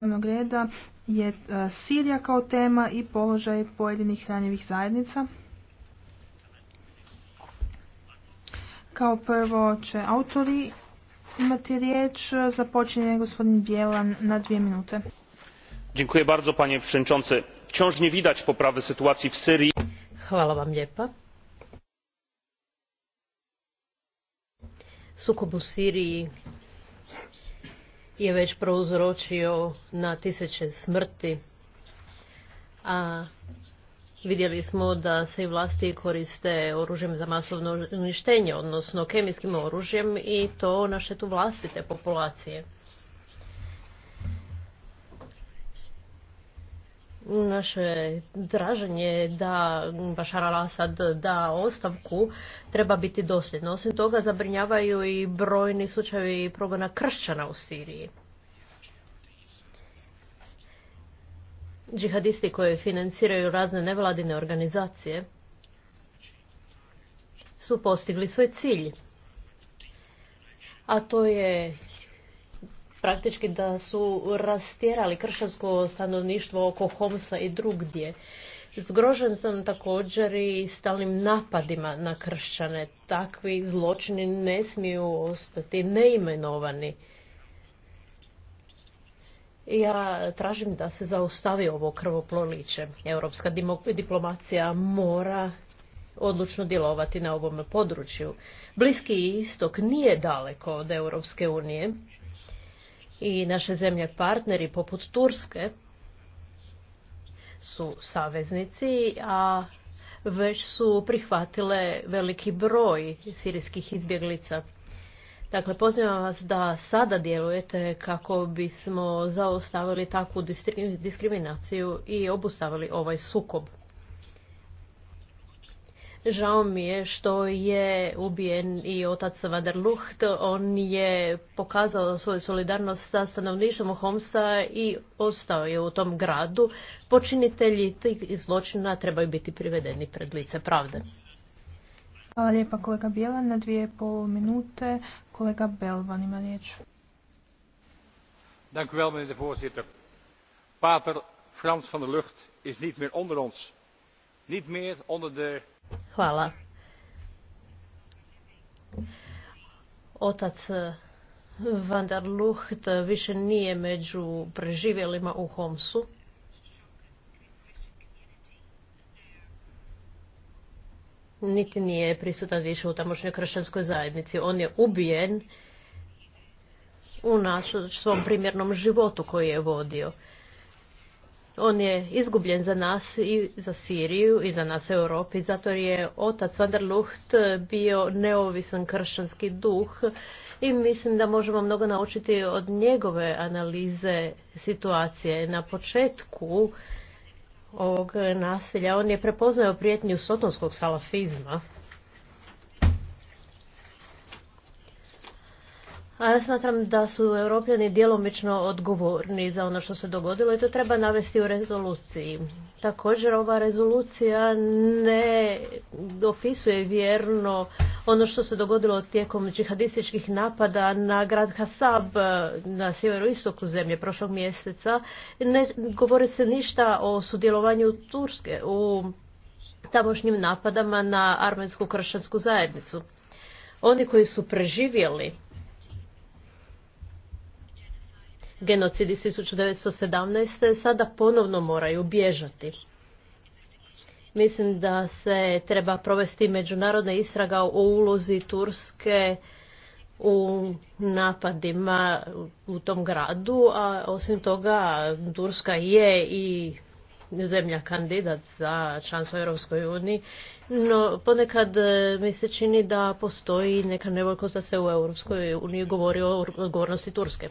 dnevnog reda je e, Sirija kao tema i položaj pojedinih hranjivih zajednica. Kao prvo će autori imati riječ. E, započinje gospodin Bjelan na dvije minute. Dziękuję bardzo, panie przewodniczący. Wciąż nie widać poprawy sytuacji w Syrii. Hvala vam lijepa. Sukob u Siriji je već prouzročio na tisuće smrti. A vidjeli smo da se i vlasti koriste oružjem za masovno uništenje, odnosno kemijskim oružjem i to na štetu vlastite populacije. naše traženje da Bašar al-Assad da ostavku treba biti dosljedno. Osim toga zabrinjavaju i brojni slučajevi progona kršćana u Siriji. Džihadisti koji financiraju razne nevladine organizacije su postigli svoj cilj. A to je praktički da su rastjerali kršćansko stanovništvo oko Homsa i drugdje. Zgrožen sam također i stalnim napadima na kršćane. Takvi zločini ne smiju ostati neimenovani. Ja tražim da se zaustavi ovo krvoproliće. Europska diplomacija mora odlučno djelovati na ovom području. Bliski istok nije daleko od Europske unije i naše zemlje partneri poput Turske su saveznici, a već su prihvatile veliki broj sirijskih izbjeglica. Dakle, pozivam vas da sada djelujete kako bismo zaustavili takvu diskriminaciju i obustavili ovaj sukob. Žao mi je što je ubijen i otac Vader On je pokazao svoju solidarnost sa stanovništvom Homsa i ostao je u tom gradu. Počinitelji tih zločina trebaju biti privedeni pred lice pravde. Hvala lijepa kolega Bjelan. Na dvije i pol minute kolega Belvan ima riječ. Dank u wel, meneer de voorzitter. Pater Frans van der Lucht is niet meer onder ons. Niet meer onder de Hvala. Otac eh, Van der Lucht više nije među preživjelima u Homsu. Niti nije prisutan više u tamošnjoj kršćanskoj zajednici. On je ubijen u svom primjernom životu koji je vodio. On je izgubljen za nas i za Siriju i za nas u Europi, zato je otac Van der Lucht bio neovisan kršćanski duh i mislim da možemo mnogo naučiti od njegove analize situacije. Na početku ovog nasilja on je prepoznao prijetnju sotonskog salafizma A ja smatram da su europljani djelomično odgovorni za ono što se dogodilo i to treba navesti u rezoluciji. Također ova rezolucija ne opisuje vjerno ono što se dogodilo tijekom džihadističkih napada na grad Hasab na sjeveroistoku zemlje prošlog mjeseca. Ne govori se ništa o sudjelovanju Turske u tamošnjim napadama na armensku kršćansku zajednicu. Oni koji su preživjeli Genocidi iz 1917. sada ponovno moraju bježati. Mislim da se treba provesti međunarodna istraga o ulozi Turske u napadima u tom gradu, a osim toga Turska je i zemlja kandidat za članstvo Europskoj uniji, no ponekad e, mi se čini da postoji neka nevoljkost da se u Europskoj uniji govori o odgovornosti Turske.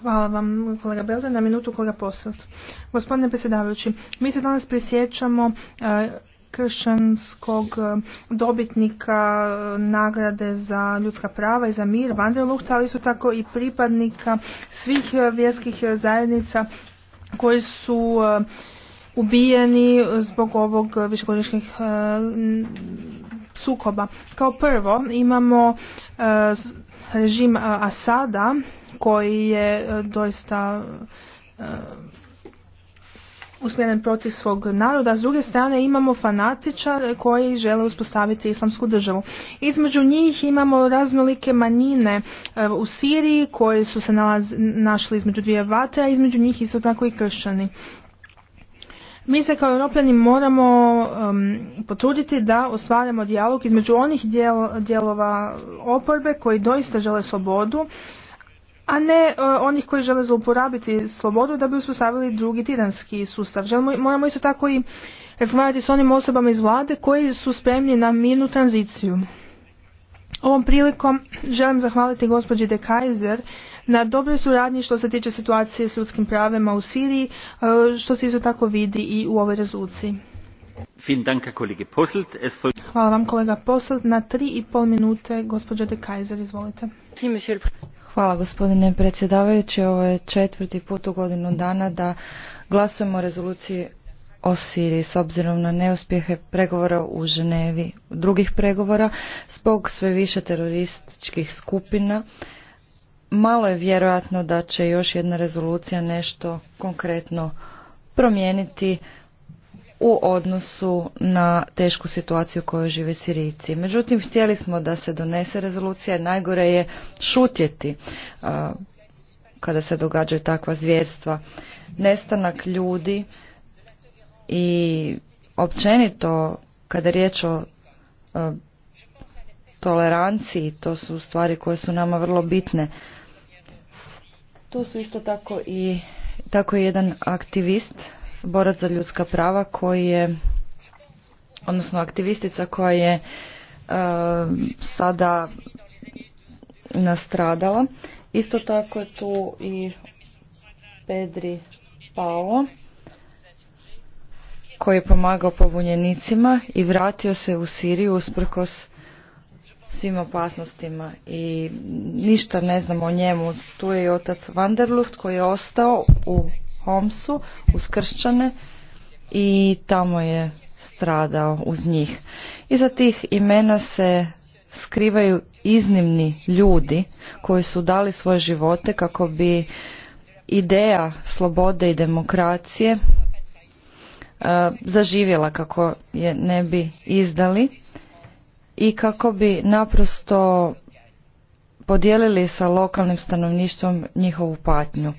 Hvala vam, kolega Belda, Na minutu, kolega Poselt. Gospodine predsjedavajući, mi se danas prisjećamo e, kršćanskog e, dobitnika e, nagrade za ljudska prava i za mir, Luhta, ali su tako i pripadnika svih vjerskih zajednica koji su ubijeni zbog ovog višegodišnjih sukoba. Kao prvo imamo e, režim e, Asada koji je e, doista usmjeren protiv svog naroda, a s druge strane imamo fanatičare koji žele uspostaviti islamsku državu. Između njih imamo raznolike manjine u Siriji koji su se našli između dvije vate, a između njih isto tako i kršćani. Mi se kao europljani moramo potruditi da ostvarimo dijalog između onih dijelova oporbe koji doista žele slobodu, a ne e, onih koji žele zlouporabiti slobodu da bi uspostavili drugi tiranski sustav. Želimo, moramo isto tako i razgovarati s onim osobama iz vlade koji su spremni na mirnu tranziciju. Ovom prilikom želim zahvaliti gospođi De Kaiser na dobroj suradnji što se tiče situacije s ljudskim pravima u Siriji, e, što se isto tako vidi i u ovoj rezoluciji. Hvala vam kolega Na tri i pol minute gospođa De Kaiser, izvolite. Hvala gospodine predsjedavajući. Ovo je četvrti put u godinu dana da glasujemo o rezoluciji o Siriji s obzirom na neuspjehe pregovora u Ženevi, drugih pregovora zbog sve više terorističkih skupina malo je vjerojatno da će još jedna rezolucija nešto konkretno promijeniti u odnosu na tešku situaciju kojoj žive Sirijci. Međutim, htjeli smo da se donese rezolucija, najgore je šutjeti kada se događaju takva zvjerstva. Nestanak ljudi i općenito kada je riječ o toleranciji, to su stvari koje su nama vrlo bitne. Tu su isto tako i tako je jedan aktivist, borac za ljudska prava koji je, odnosno aktivistica koja je uh, sada nastradala. Isto tako je tu i Pedri Paolo koji je pomagao pobunjenicima i vratio se u Siriju usprkos svim opasnostima i ništa ne znamo o njemu. Tu je i otac Vanderluft koji je ostao u Homsu uz kršćane i tamo je stradao uz njih. Iza tih imena se skrivaju iznimni ljudi koji su dali svoje živote kako bi ideja slobode i demokracije e, zaživjela kako je ne bi izdali i kako bi naprosto podijelili sa lokalnim stanovništvom njihovu patnju.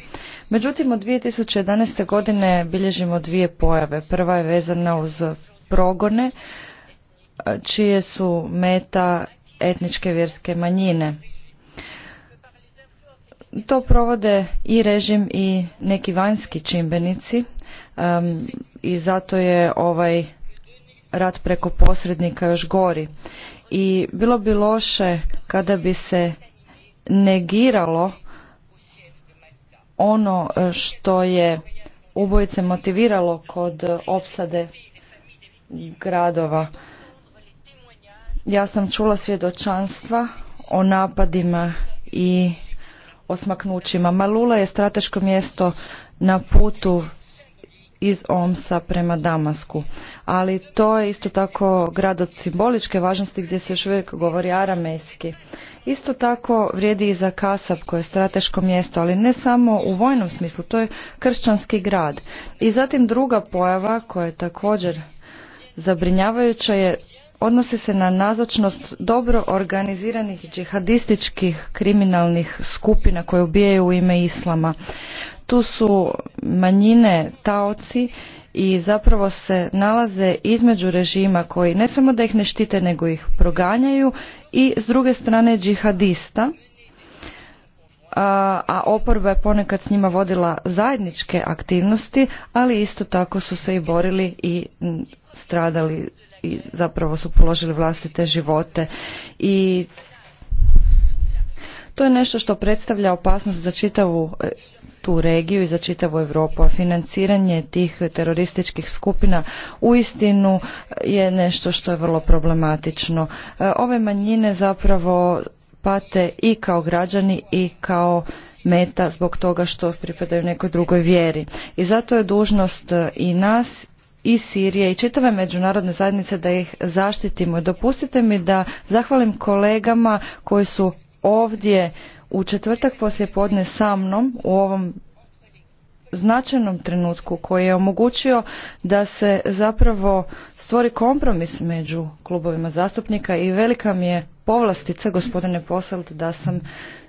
Međutim, od 2011. godine bilježimo dvije pojave. Prva je vezana uz progone, e, čije su meta etničke vjerske manjine. To provode i režim i neki vanjski čimbenici i zato je ovaj rat preko posrednika još gori i bilo bi loše kada bi se negiralo ono e, što je ubojice motiviralo kod opsade gradova. Ja sam čula svjedočanstva o napadima i osmaknućima. Malula je strateško mjesto na putu iz Omsa prema Damasku. Ali to je isto tako grad od simboličke važnosti gdje se još uvijek govori aramejski. Isto tako vrijedi i za Kasab koje je strateško mjesto, ali ne samo u vojnom smislu, to je kršćanski grad. I zatim druga pojava koja je također zabrinjavajuća je odnosi se na nazočnost dobro organiziranih džihadističkih kriminalnih skupina koje ubijaju u ime islama. Tu su manjine taoci i zapravo se nalaze između režima koji ne samo da ih ne štite nego ih proganjaju i s druge strane džihadista a, a oporba je ponekad s njima vodila zajedničke aktivnosti ali isto tako su se i borili i stradali i zapravo su položili vlastite živote i to je nešto što predstavlja opasnost za čitavu tu regiju i za čitavu Europu. A financiranje tih terorističkih skupina u istinu je nešto što je vrlo problematično. E, ove manjine zapravo pate i kao građani i kao meta zbog toga što pripadaju nekoj drugoj vjeri. I zato je dužnost e, i nas i Sirije i čitave međunarodne zajednice da ih zaštitimo. Dopustite mi da zahvalim kolegama koji su ovdje u četvrtak poslije podne sa mnom u ovom značajnom trenutku koji je omogućio da se zapravo stvori kompromis među klubovima zastupnika i velika mi je povlastica gospodine Poselt da sam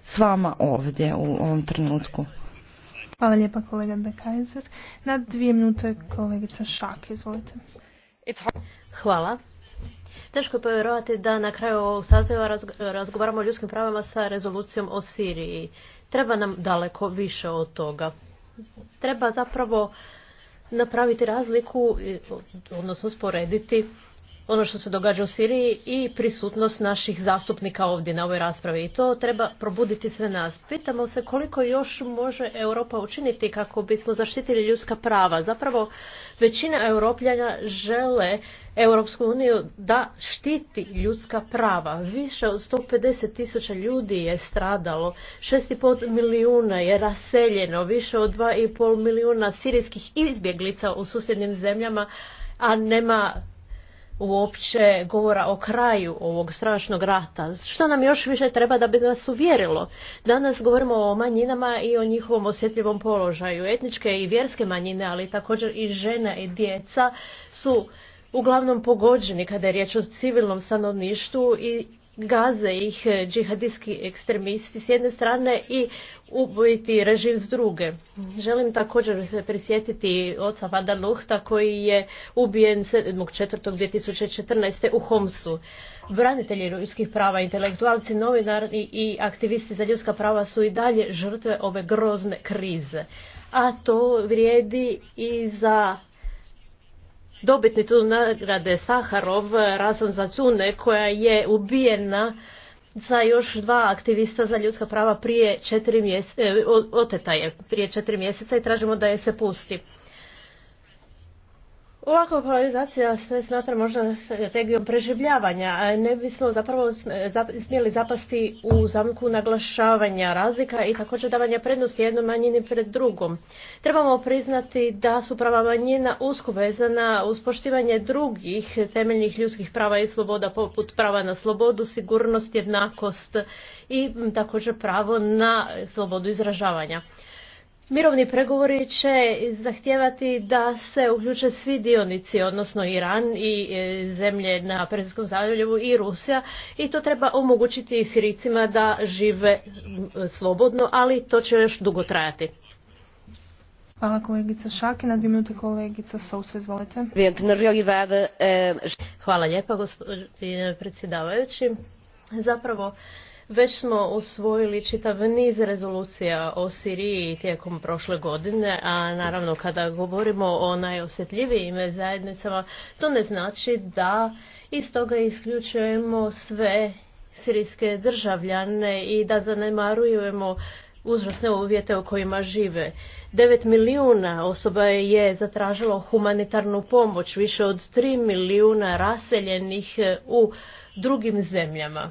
s vama ovdje u ovom trenutku. Hvala lijepa kolega Bekajzer. Na dvije minute kolegica Šak, izvolite. Hvala. Teško je povjerovati da na kraju ovog saziva razgovaramo o ljudskim pravima sa rezolucijom o Siriji. Treba nam daleko više od toga. Treba zapravo napraviti razliku, odnosno sporediti ono što se događa u Siriji i prisutnost naših zastupnika ovdje na ovoj raspravi. I to treba probuditi sve nas. Pitamo se koliko još može Europa učiniti kako bismo zaštitili ljudska prava. Zapravo većina europljana žele Europsku uniju da štiti ljudska prava. Više od 150 tisuća ljudi je stradalo, 6,5 milijuna je raseljeno, više od 2,5 milijuna sirijskih izbjeglica u susjednim zemljama, a nema uopće govora o kraju ovog strašnog rata. Što nam još više treba da bi nas uvjerilo? Danas govorimo o manjinama i o njihovom osjetljivom položaju. Etničke i vjerske manjine, ali također i žene i djeca su uglavnom pogođeni kada je riječ o civilnom stanovništvu i gaze ih eh, džihadijski ekstremisti s jedne strane i ubojiti režim s druge. Želim također se prisjetiti oca Vada Luhta koji je ubijen 7.4.2014. u Homsu. Branitelji ljudskih prava, intelektualci, novinari i aktivisti za ljudska prava su i dalje žrtve ove grozne krize. A to vrijedi i za dobitnicu nagrade Saharov, eh, za Zacune, koja je ubijena za još dva aktivista za ljudska prava prije četiri mjeseca, eh, oteta je prije četiri mjeseca i tražimo da je se pusti. Ovakva polarizacija se smatra možda strategijom preživljavanja, ne bismo zapravo smjeli zapasti u zamku naglašavanja razlika i također davanja prednosti jednoj manjini pred drugom. Trebamo priznati da su prava manjina usko vezana uz poštivanje drugih temeljnih ljudskih prava i sloboda poput prava na slobodu, sigurnost, jednakost i također pravo na slobodu izražavanja. Mirovni pregovori će zahtijevati da se uključe svi dionici, odnosno Iran i e, zemlje na Perzijskom zaljevu i Rusija i to treba omogućiti Siricima da žive slobodno, ali to će još dugo trajati. Hvala kolegica Šaki, na dvije minute kolegica Sousa, izvolite. Hvala lijepa gospodine predsjedavajući. Zapravo već smo usvojili čitav niz rezolucija o Siriji tijekom prošle godine, a naravno kada govorimo o najosjetljivijim zajednicama, to ne znači da iz toga isključujemo sve sirijske državljane i da zanemarujemo uzrasne uvjete u kojima žive. 9 milijuna osoba je zatražilo humanitarnu pomoć, više od 3 milijuna raseljenih u drugim zemljama.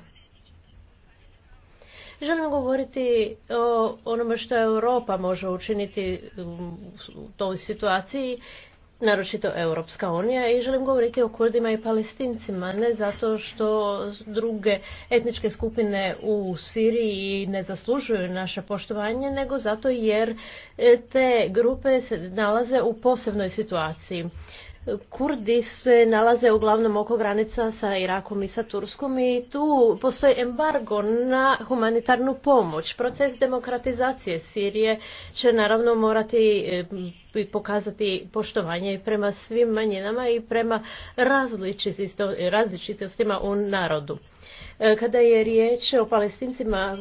Želim govoriti o onome što Europa može učiniti mm, u toj situaciji, naročito Europska unija, i želim govoriti o Kurdima i Palestincima, ne zato što druge etničke skupine u Siriji ne zaslužuju naše poštovanje, nego zato jer e, te grupe se nalaze u posebnoj situaciji. Kurdi se nalaze uglavnom oko granica sa Irakom i sa Turskom i tu postoji embargo na humanitarnu pomoć. Proces demokratizacije Sirije će naravno morati e, pokazati poštovanje prema svim manjinama i prema različitostima u narodu. E, kada je riječ o palestincima,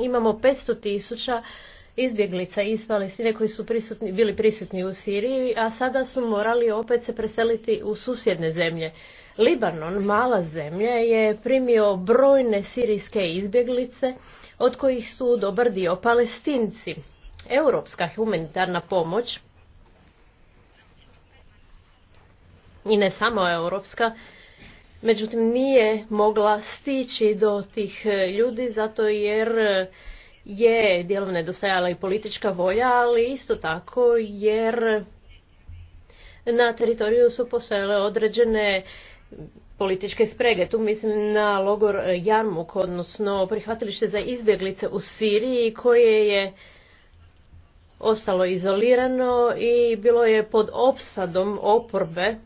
imamo 500 tisuća izbjeglica iz Palestine koji su prisutni, bili prisutni u Siriji, a sada su morali opet se preseliti u susjedne zemlje. Libanon, mala zemlja, je primio brojne sirijske izbjeglice, od kojih su dobar dio palestinci. Europska humanitarna pomoć, i ne samo europska, međutim nije mogla stići do tih eh, ljudi zato jer eh, je dijelom nedostajala i politička volja, ali isto tako jer na teritoriju su postojale određene političke sprege. Tu mislim na logor Jarmuk, odnosno prihvatilište za izbjeglice u Siriji koje je ostalo izolirano i bilo je pod opsadom oporbe,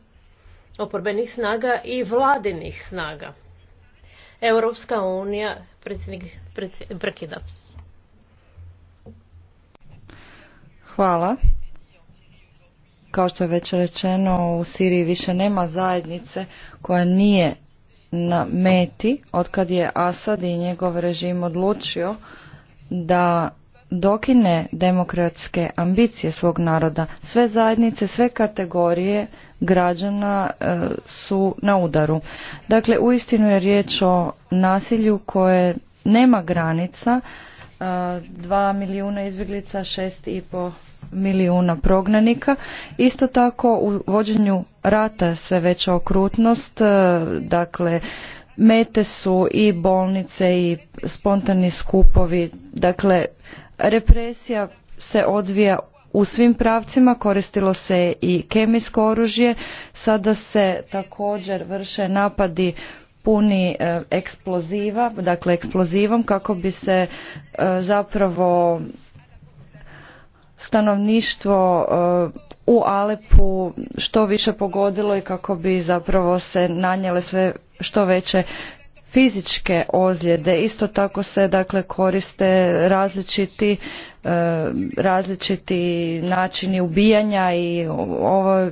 oporbenih snaga i vladinih snaga. Europska unija predsjednik prekida. Hvala. Kao što je već rečeno, u Siriji više nema zajednice koja nije na meti otkad je Asad i njegov režim odlučio da dokine demokratske ambicije svog naroda. Sve zajednice, sve kategorije građana e, su na udaru. Dakle, uistinu je riječ o nasilju koje nema granica, dva milijuna izbjeglica, po milijuna prognanika. Isto tako u vođenju rata sve veća okrutnost, e, dakle mete su i bolnice i spontani skupovi, dakle represija se odvija u svim pravcima koristilo se i kemijsko oružje, sada se također vrše napadi puni e, eksploziva, dakle eksplozivom kako bi se e, zapravo stanovništvo e, u Alepu što više pogodilo i kako bi zapravo se nanjele sve što veće fizičke ozljede. Isto tako se dakle koriste različiti, različiti načini ubijanja i ovo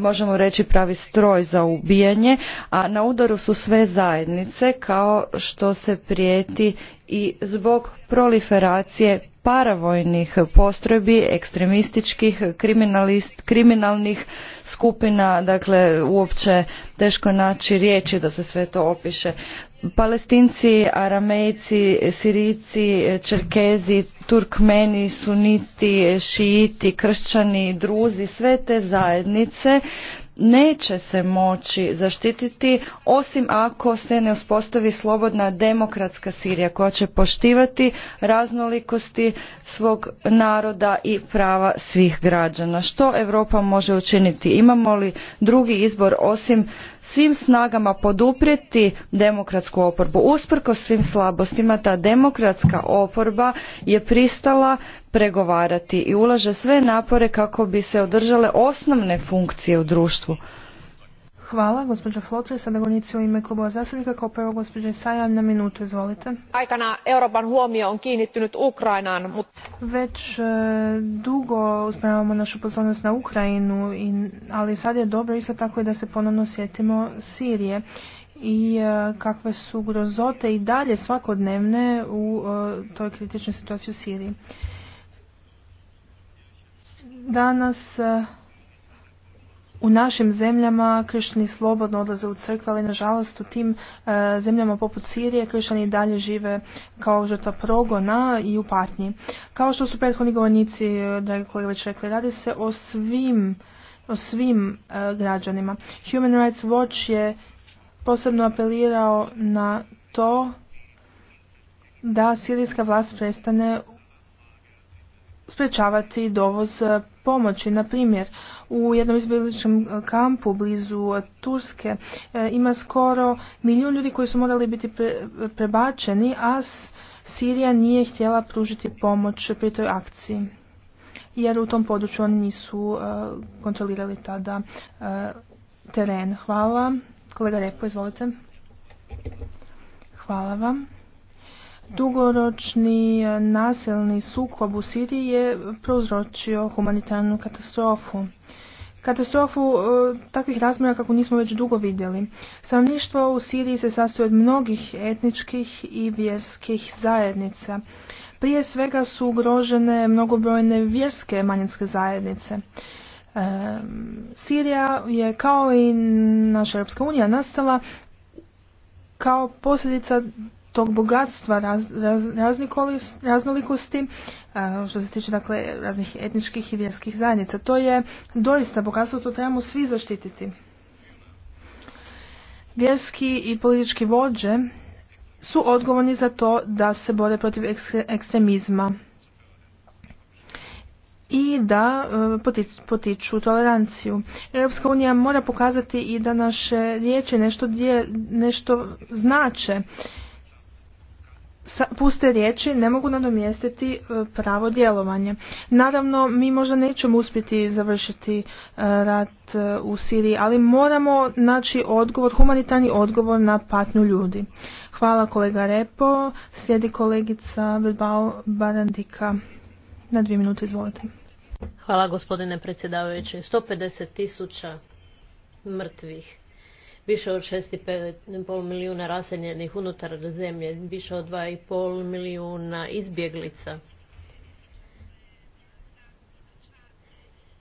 možemo reći pravi stroj za ubijanje, a na udaru su sve zajednice kao što se prijeti i zbog proliferacije paravojnih postrojbi, ekstremističkih, kriminalnih skupina, dakle uopće teško naći riječi da se sve to opiše. Palestinci, Aramejci, sirici, Čerkezi, Turkmeni, Suniti, Šijiti, Kršćani, Druzi, sve te zajedno zajednice neće se moći zaštititi osim ako se ne uspostavi slobodna demokratska Sirija koja će poštivati raznolikosti svog naroda i prava svih građana. Što Europa može učiniti? Imamo li drugi izbor osim svim snagama poduprijeti demokratsku oporbu? Usprko svim slabostima ta demokratska oporba je pristala pregovarati i ulaže sve napore kako bi se održale osnovne funkcije u društvu. Hvala, gospođa Flotre, sada u ime klubova zastupnika, kao prvo gospođa Sajam na minutu, izvolite. Aikana Euroopan huomio on kiinnittynyt Ukrainaan, mut... Već e, dugo uspravljamo našu pozornost na Ukrajinu, i, ali sad je dobro isto tako i da se ponovno sjetimo Sirije i e, kakve su grozote i dalje svakodnevne u e, toj kritičnoj situaciji u Siriji. Danas e, u našim zemljama kršćani slobodno odlaze u crkvu, ali nažalost u tim e, zemljama poput Sirije kršćani i dalje žive kao žrtva progona i u patnji. Kao što su prethodni govornici, e, dragi kolega već rekli, radi se o svim, o svim građanima. Human Rights Watch je posebno apelirao na to da sirijska vlast prestane sprečavati dovoz pomoći. Na primjer, u jednom izbjegličkom e, kampu blizu e, Turske e, ima skoro milijun ljudi koji su morali biti prebačeni, a Sirija nije htjela pružiti pomoć pri toj akciji. Jer u tom području oni nisu kontrolirali tada teren. Hvala. Kolega Repo, izvolite. Hvala vam. Dugoročni e, nasilni sukob u Siriji je prouzročio humanitarnu katastrofu. Katastrofu e, takvih razmjera kako nismo već dugo vidjeli. Stanovništvo u Siriji se sastoji od mnogih etničkih i vjerskih zajednica. Prije svega su ugrožene mnogobrojne vjerske manjinske zajednice. E, Sirija je kao i naša Europska unija nastala kao posljedica tog bogatstva raz, raz, raznolikosti što se tiče dakle raznih etničkih i vjerskih zajednica. To je doista bogatstvo, to trebamo svi zaštititi. Vjerski i politički vođe su odgovorni za to da se bore protiv ekstremizma i da e, potiču toleranciju. Europska unija mora pokazati i da naše riječi nešto, nešto znače puste riječi ne mogu nadomjestiti e, pravo djelovanje. Naravno, mi možda nećemo uspjeti završiti e, rat e, u Siriji, ali moramo naći odgovor, humanitarni odgovor na patnju ljudi. Hvala kolega Repo, slijedi kolegica Bilbao Barandika. Na dvije minute izvolite. Hvala gospodine predsjedavajući. 150 tisuća mrtvih više od 6,5 milijuna raseljenih unutar zemlje, više od 2,5 milijuna izbjeglica.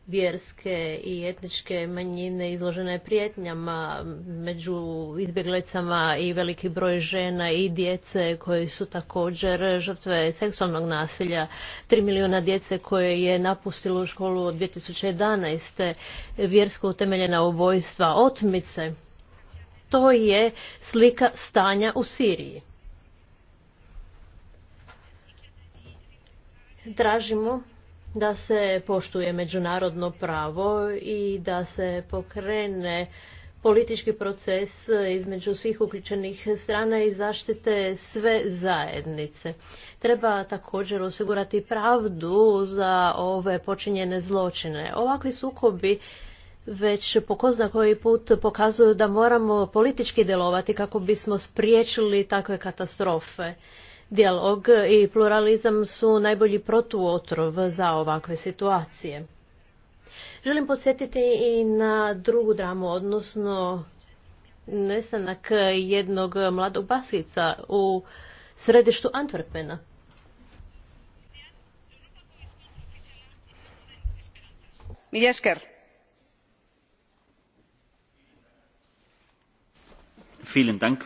vjerske i etničke manjine izložene prijetnjama među izbjeglicama i veliki broj žena i djece koji su također žrtve seksualnog nasilja. 3 milijuna djece koje je napustilo školu od 2011. vjersko utemeljena ubojstva, otmice to je slika stanja u Siriji. Tražimo da se poštuje međunarodno pravo i da se pokrene politički proces između svih uključenih strana i zaštite sve zajednice. Treba također osigurati pravdu za ove počinjene zločine. Ovakvi sukobi već po ko zna koji put pokazuju da moramo politički djelovati kako bismo spriječili takve katastrofe. Dijalog i pluralizam su najbolji protuotrov za ovakve situacije. Želim posjetiti i na drugu dramu, odnosno nesanak jednog mladog basica u središtu Antwerpena. Miljesker Dank,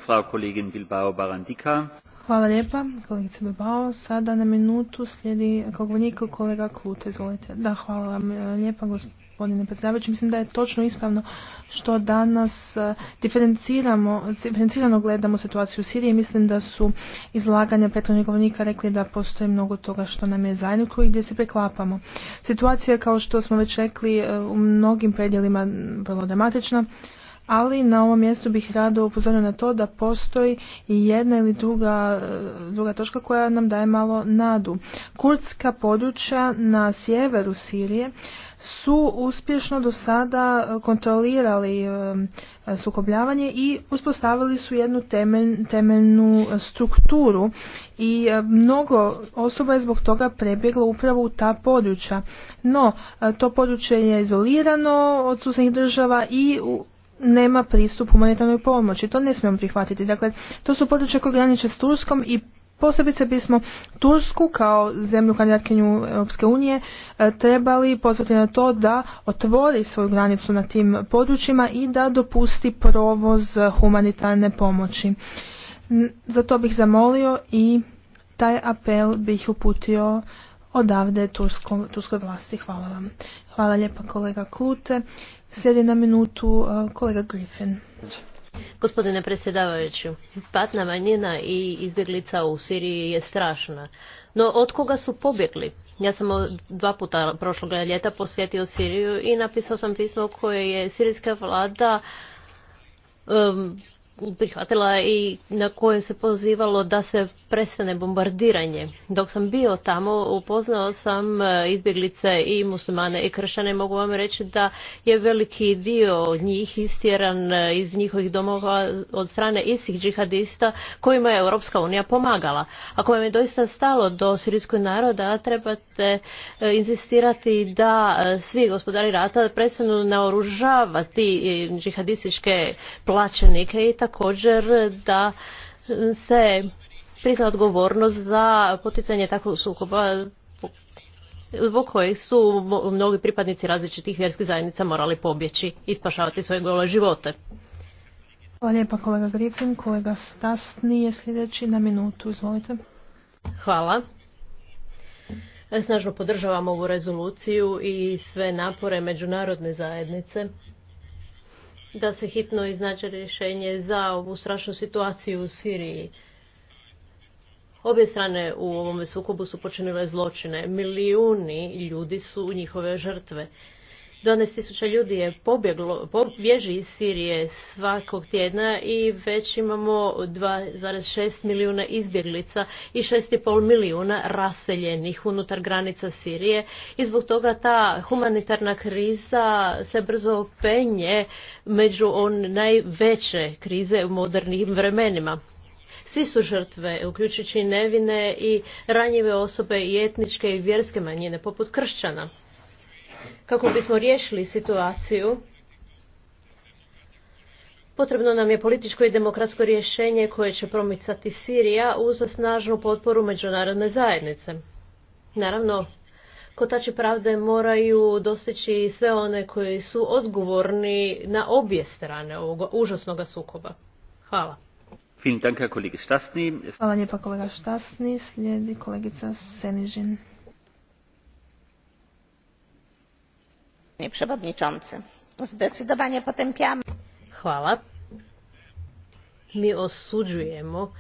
Hvala lijepa, kolegice Bilbao. Sada na minutu slijedi govornik kolega Klute, izvolite. Da, hvala vam e, lijepa gospodine predsjedavajući. Mislim da je točno ispravno što danas e, diferenciramo, diferencirano gledamo situaciju u Siriji. Mislim da su izlaganja prethodnih govornika rekli da postoji mnogo toga što nam je zajedničko i gdje se preklapamo. Situacija kao što smo već rekli, e, u mnogim predjelima vrlo dramatična ali na ovom mjestu bih rado upozorio na to da postoji i jedna ili druga, e, druga točka koja nam daje malo nadu. Kurdska područja na sjeveru Sirije su uspješno do sada kontrolirali e, sukobljavanje i uspostavili su jednu temeljnu strukturu i e, mnogo osoba je zbog toga prebjeglo upravo u ta područja. No, to područje je izolirano od susjednih država i nema pristup humanitarnoj pomoći. To ne smijemo prihvatiti. Dakle, to su područja koje graniče s Turskom i Posebice bismo Tursku kao zemlju kandidatkinju Europske unije e, trebali pozvati na to da otvori svoju granicu na tim područjima i da dopusti provoz humanitarne pomoći. Za to bih zamolio i taj apel bih uputio odavde turskoj vlasti. Hvala vam. Hvala lijepa kolega Klute. Slijedi na minutu uh, kolega Griffin. Gospodine predsjedavajući, patna manjina i izbjeglica u Siriji je strašna. No od koga su pobjegli? Ja sam dva puta prošlog ljeta posjetio Siriju i napisao sam pismo koje je sirijska vlada um, prihvatila i na kojem se pozivalo da se prestane bombardiranje. Dok sam bio tamo, upoznao sam e, izbjeglice i muslimane i kršćane. Mogu vam reći da je veliki dio njih istjeran e, iz njihovih domova od strane istih džihadista kojima je Europska unija pomagala. Ako vam je doista stalo do sirijskog naroda, trebate e, insistirati da svi gospodari rata prestanu naoružavati džihadističke plaćenike i tako također da se prizna odgovornost za poticanje takvog sukoba zbog kojih su mnogi pripadnici različitih vjerskih zajednica morali pobjeći i spašavati svoje gole živote. Hvala lijepa kolega Griffin. Kolega Stas nije sljedeći na minutu. Izvolite. Hvala. Snažno podržavam ovu rezoluciju i sve napore međunarodne zajednice da se hitno iznađe rješenje za ovu strašnu situaciju u Siriji. Obje strane u ovome sukobu su počinile zločine. Milijuni ljudi su njihove žrtve tisuća ljudi je pobjeglo, pobježi iz Sirije svakog tjedna i već imamo 2,6 milijuna izbjeglica i 6,5 milijuna raseljenih unutar granica Sirije. I zbog toga ta humanitarna kriza se brzo penje među on najveće krize u modernim vremenima. Svi su žrtve, uključujući nevine i ranjive osobe i etničke i vjerske manjine poput kršćana. Kako bismo riješili situaciju, potrebno nam je političko i demokratsko rješenje koje će promicati Sirija uz snažnu potporu međunarodne zajednice. Naravno, kotači pravde moraju i sve one koji su odgovorni na obje strane ovog užasnog sukoba. Hvala. Hvala lijepa kolega Štasni. Slijedi kolegica Senižin. panie przewodniczący! zdecydowanie potępiamy hvala mi osuđujemo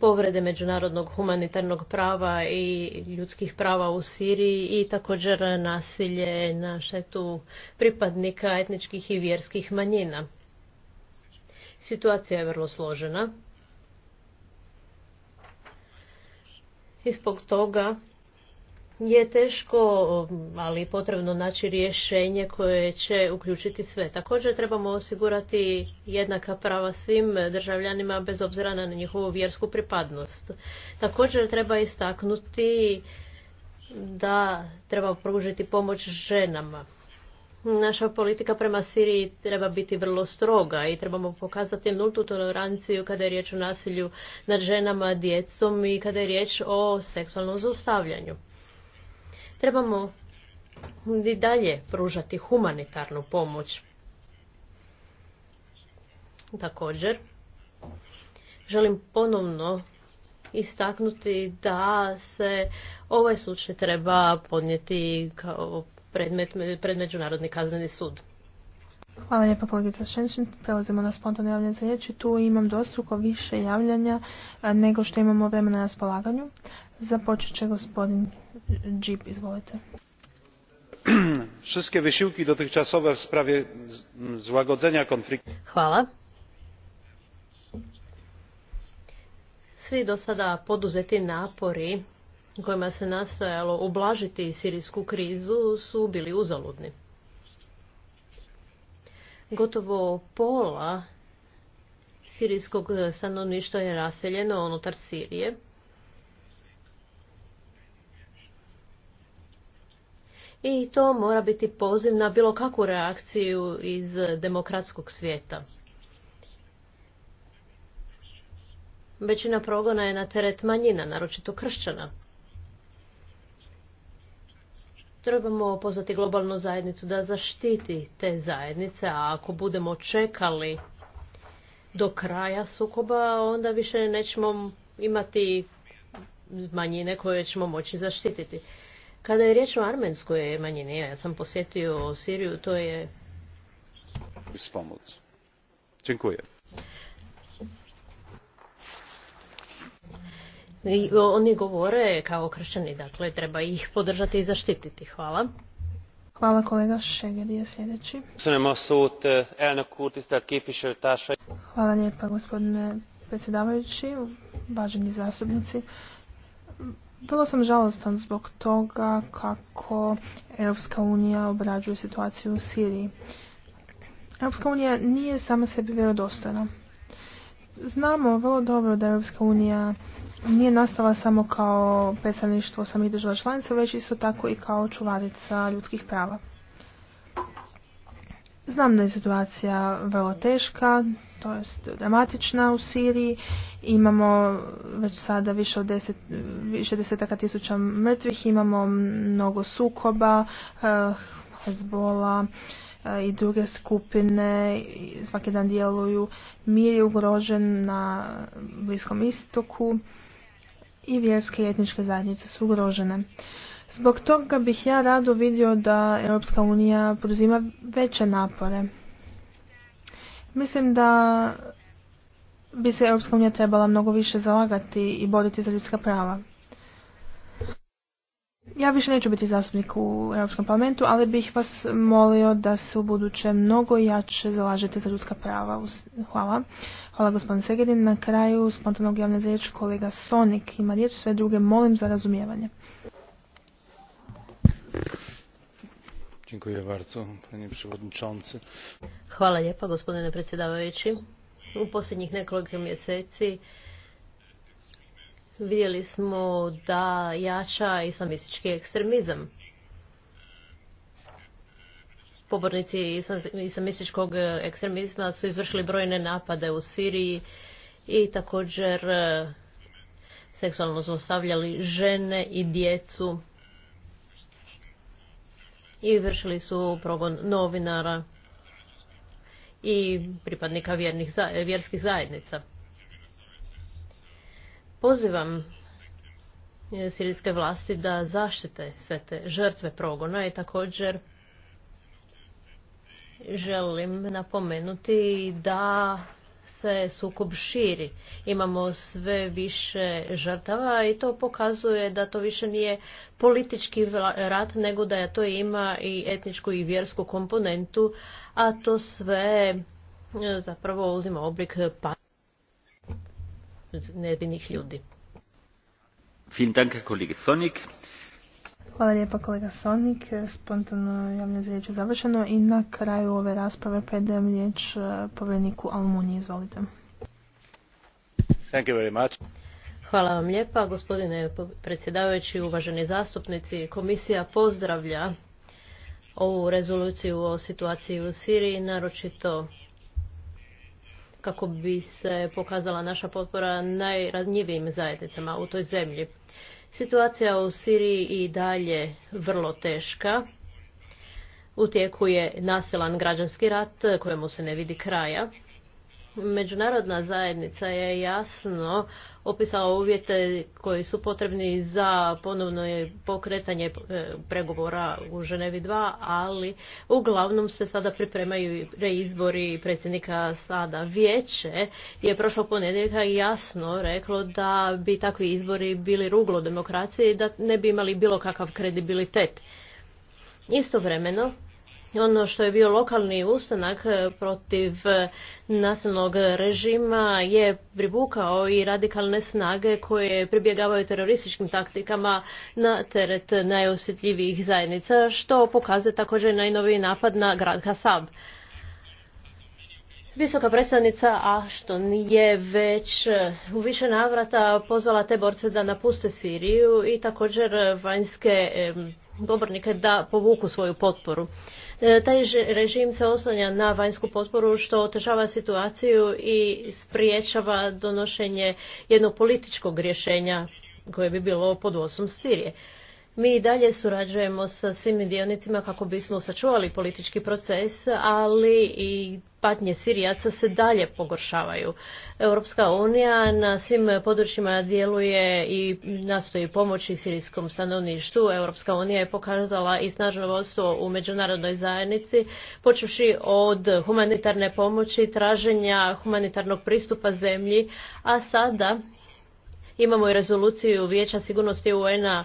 povrede međunarodnog humanitarnog prava i ljudskih prava u Siriji i također nasilje na štetu pripadnika etničkih i vjerskih manjina. Situacija je vrlo složena. I zbog toga je teško, ali potrebno naći rješenje koje će uključiti sve. Također trebamo osigurati jednaka prava svim državljanima bez obzira na njihovu vjersku pripadnost. Također treba istaknuti da treba pružiti pomoć ženama. Naša politika prema Siriji treba biti vrlo stroga i trebamo pokazati nultu toleranciju kada je riječ o nasilju nad ženama, djecom i kada je riječ o seksualnom zaustavljanju trebamo i dalje pružati humanitarnu pomoć. Također, želim ponovno istaknuti da se ovaj slučaj treba podnijeti kao predmet, pred Međunarodni kazneni sud. Hvala lijepa kolegica Šenčin. Prelazimo na spontane javljanje za riječi. Tu imam dostruko više javljanja nego što imamo vremena na raspolaganju. Započet će gospodin Džip, izvolite. Wszystkie wysiłki dotychczasowe w sprawie złagodzenia konfliktu. Hvala. Svi do sada poduzeti napori kojima se nastojalo ublažiti sirijsku krizu su bili uzaludni. Gotovo pola sirijskog stanovništva je raseljeno unutar Sirije i to mora biti poziv na bilo kakvu reakciju iz demokratskog svijeta. Većina progona je na teret manjina, naročito kršćana. Trebamo pozvati globalnu zajednicu da zaštiti te zajednice, a ako budemo čekali do kraja sukoba, onda više nećemo imati manjine koje ćemo moći zaštititi. Kada je riječ o armenskoj manjini, ja sam posjetio Siriju, to je... Dziękuję. oni govore kao kršćani, dakle treba ih podržati i zaštititi. Hvala. Hvala kolega Šegedi, je sljedeći. Hvala lijepa gospodine predsjedavajući, važni zastupnici. Vrlo sam žalostan zbog toga kako Europska unija obrađuje situaciju u Siriji. Europska unija nije sama sebi vjerodostojna. Znamo vrlo dobro da Europska unija nije nastala samo kao predstavništvo samih država članica, već isto tako i kao čuvarica ljudskih prava. Znam da je situacija vrlo teška, to je dramatična u Siriji. Imamo već sada više od deset, više desetaka tisuća mrtvih, imamo mnogo sukoba, eh, Hezbola eh, i druge skupine svaki dan djeluju. Mir je ugrožen na Bliskom istoku i vjerske i etničke zajednice su ugrožene. Zbog toga bih ja rado vidio da Europska unija poduzima veće napore. Mislim da bi se Europska unija trebala mnogo više zalagati i boriti za ljudska prava. Ja više neću biti zastupnik u Europskom parlamentu, ali bih vas molio da se u buduće mnogo jače zalažete za ljudska prava. Hvala. Hvala gospodin Segedin. Na kraju spontanog javne za kolega Sonik ima riječ. Sve druge molim za razumijevanje. Hvala lijepa gospodine predsjedavajući. U posljednjih nekoliko mjeseci vidjeli smo da jača islamistički ekstremizam. Pobornici islamističkog ekstremizma su izvršili brojne napade u Siriji i također eh, seksualno zlostavljali žene i djecu i vršili su progon novinara i pripadnika vjerskih zajednica. Pozivam e, sirijske vlasti da zaštite sve te žrtve progona i također želim napomenuti da se sukob širi. Imamo sve više žrtava i to pokazuje da to više nije politički rat, nego da to ima i etničku i vjersku komponentu, a to sve e, zapravo uzima oblik pa ljudi. Vielen Sonik. Hvala lijepa kolega Sonik. Spontano javno za riječ je završeno i na kraju ove rasprave predajem riječ e, povjereniku Almuniji. Izvolite. Hvala vam lijepa, gospodine predsjedavajući, uvaženi zastupnici. Komisija pozdravlja ovu rezoluciju o situaciji u Siriji, naročito kako bi se pokazala naša potpora najranjivijim zajednicama u toj zemlji. Situacija u Siriji i dalje vrlo teška. U tijeku je nasilan građanski rat kojemu se ne vidi kraja. Međunarodna zajednica je jasno opisala uvjete koji su potrebni za ponovno pokretanje e, pregovora u Ženevi 2, ali uglavnom se sada pripremaju reizbori predsjednika sada. Vijeće je prošlo ponedjeljka jasno reklo da bi takvi izbori bili ruglo demokracije i da ne bi imali bilo kakav kredibilitet. Istovremeno, ono što je bio lokalni ustanak e, protiv e, nasilnog režima je privukao i radikalne snage koje pribjegavaju terorističkim taktikama na teret najosjetljivijih zajednica, što pokazuje također najnoviji napad na grad Hasab. Visoka predstavnica Ashton je već e, u više navrata pozvala te borce da napuste Siriju i također vanjske govornike da povuku svoju potporu. E, taj režim se oslanja na vanjsku potporu što otežava situaciju i spriječava donošenje jednog političkog rješenja koje bi bilo pod osom Sirije. Mi i dalje surađujemo sa svim dionicima kako bismo sačuvali politički proces, ali i patnje Sirijaca se dalje pogoršavaju. Europska unija na svim područjima djeluje i nastoji pomoći sirijskom stanovništvu. Europska unija je pokazala i snažno vodstvo u međunarodnoj zajednici, počevši od humanitarne pomoći, traženja humanitarnog pristupa zemlji, a sada imamo i rezoluciju Vijeća sigurnosti UN-a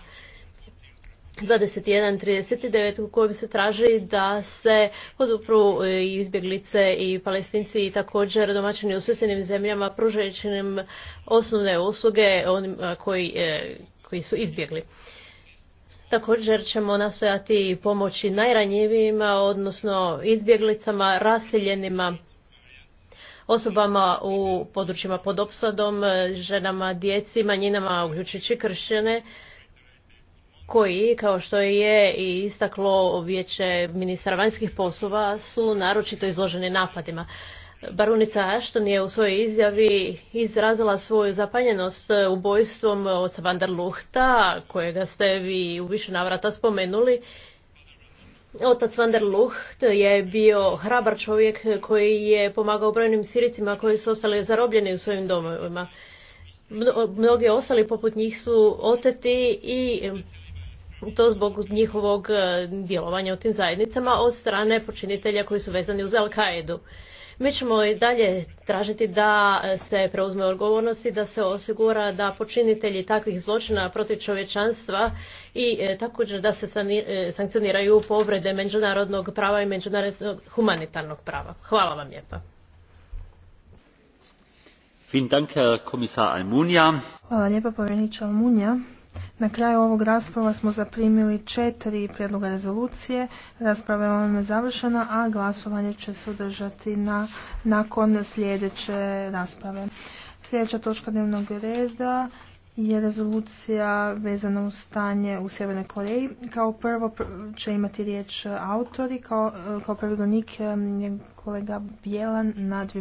21.39 u kojem se traži da se podupru e, izbjeglice i palestinci i također domaćini u susjednim zemljama pružajući im osnovne usluge onim koji, e, koji su izbjegli. Također ćemo nastojati pomoći najranjivijima, odnosno izbjeglicama, raseljenima, osobama u područjima pod opsadom, e, ženama, djeci, manjinama, uključujući kršćane, koji, kao što je i istaklo vijeće ministra vanjskih poslova, su naročito izloženi napadima. Barunica Ashton je u svojoj izjavi izrazila svoju zapanjenost ubojstvom Osa van der kojega ste vi u više navrata spomenuli. Otac van der Lucht je bio hrabar čovjek koji je pomagao brojnim siricima koji su ostali zarobljeni u svojim domovima. Mnogi ostali poput njih su oteti i to zbog njihovog e, djelovanja u tim zajednicama od strane počinitelja koji su vezani uz Al-Kaidu. Mi ćemo i dalje tražiti da e, se preuzme odgovornost i da se osigura da počinitelji takvih zločina protiv čovječanstva i e, također da se sankcioniraju povrede međunarodnog prava i međunarodnog humanitarnog prava. Hvala vam lijepa. Hvala lijepa na kraju ovog rasprava smo zaprimili četiri prijedloga rezolucije. Rasprava je ovome završena, a glasovanje će se održati na, nakon sljedeće rasprave. Sljedeća točka dnevnog reda je rezolucija vezana u stanje u Sjevernoj Koreji. Kao prvo će imati riječ autori, kao, e, kao prvi e, je kolega Bjelan na